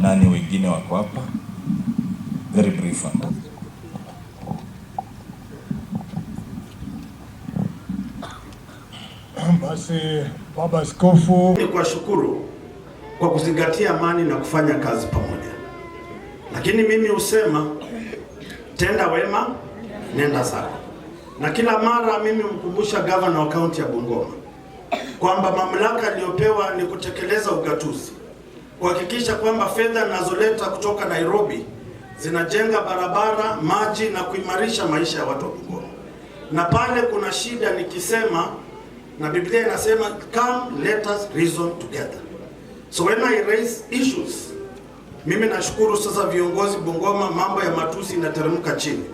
nani wengine wako hapa. Very brief Basi baba askofu, ni kuwashukuru kwa kuzingatia amani na kufanya kazi pamoja, lakini mimi husema tenda wema nenda zako, na kila mara mimi mkumbusha gavana wa kaunti ya Bungoma kwamba mamlaka aliyopewa ni kutekeleza ugatuzi kuhakikisha kwamba fedha zinazoleta kutoka Nairobi zinajenga barabara, maji na kuimarisha maisha ya watu wa Bungoma. Na pale kuna shida nikisema, na Biblia inasema come let us reason together. So when I raise issues, mimi nashukuru sasa viongozi Bungoma, mambo ya matusi inateremka chini,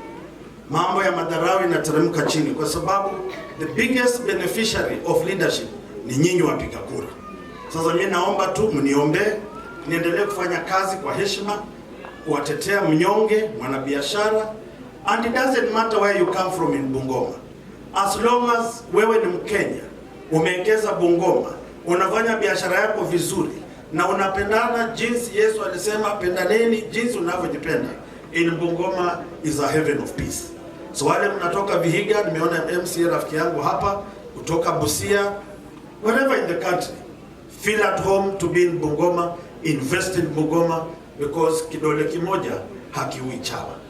mambo ya madharau inateremka chini, kwa sababu the biggest beneficiary of leadership ni nyinyi wapiga kura. Sasa mimi naomba tu mniombe niendelee kufanya kazi kwa heshima, kuwatetea mnyonge, mwanabiashara and it doesn't matter where you come from in Bungoma as long as wewe ni Mkenya, umeekeza Bungoma, unafanya biashara yako vizuri na unapendana jinsi Yesu alisema pendaneni jinsi unavyojipenda. In Bungoma is a heaven of peace. So wale mnatoka Vihiga, nimeona MCA rafiki yangu hapa kutoka Busia, wherever in the country, feel at home to be in Bungoma invest in Bungoma because kidole kimoja hakiui chawa.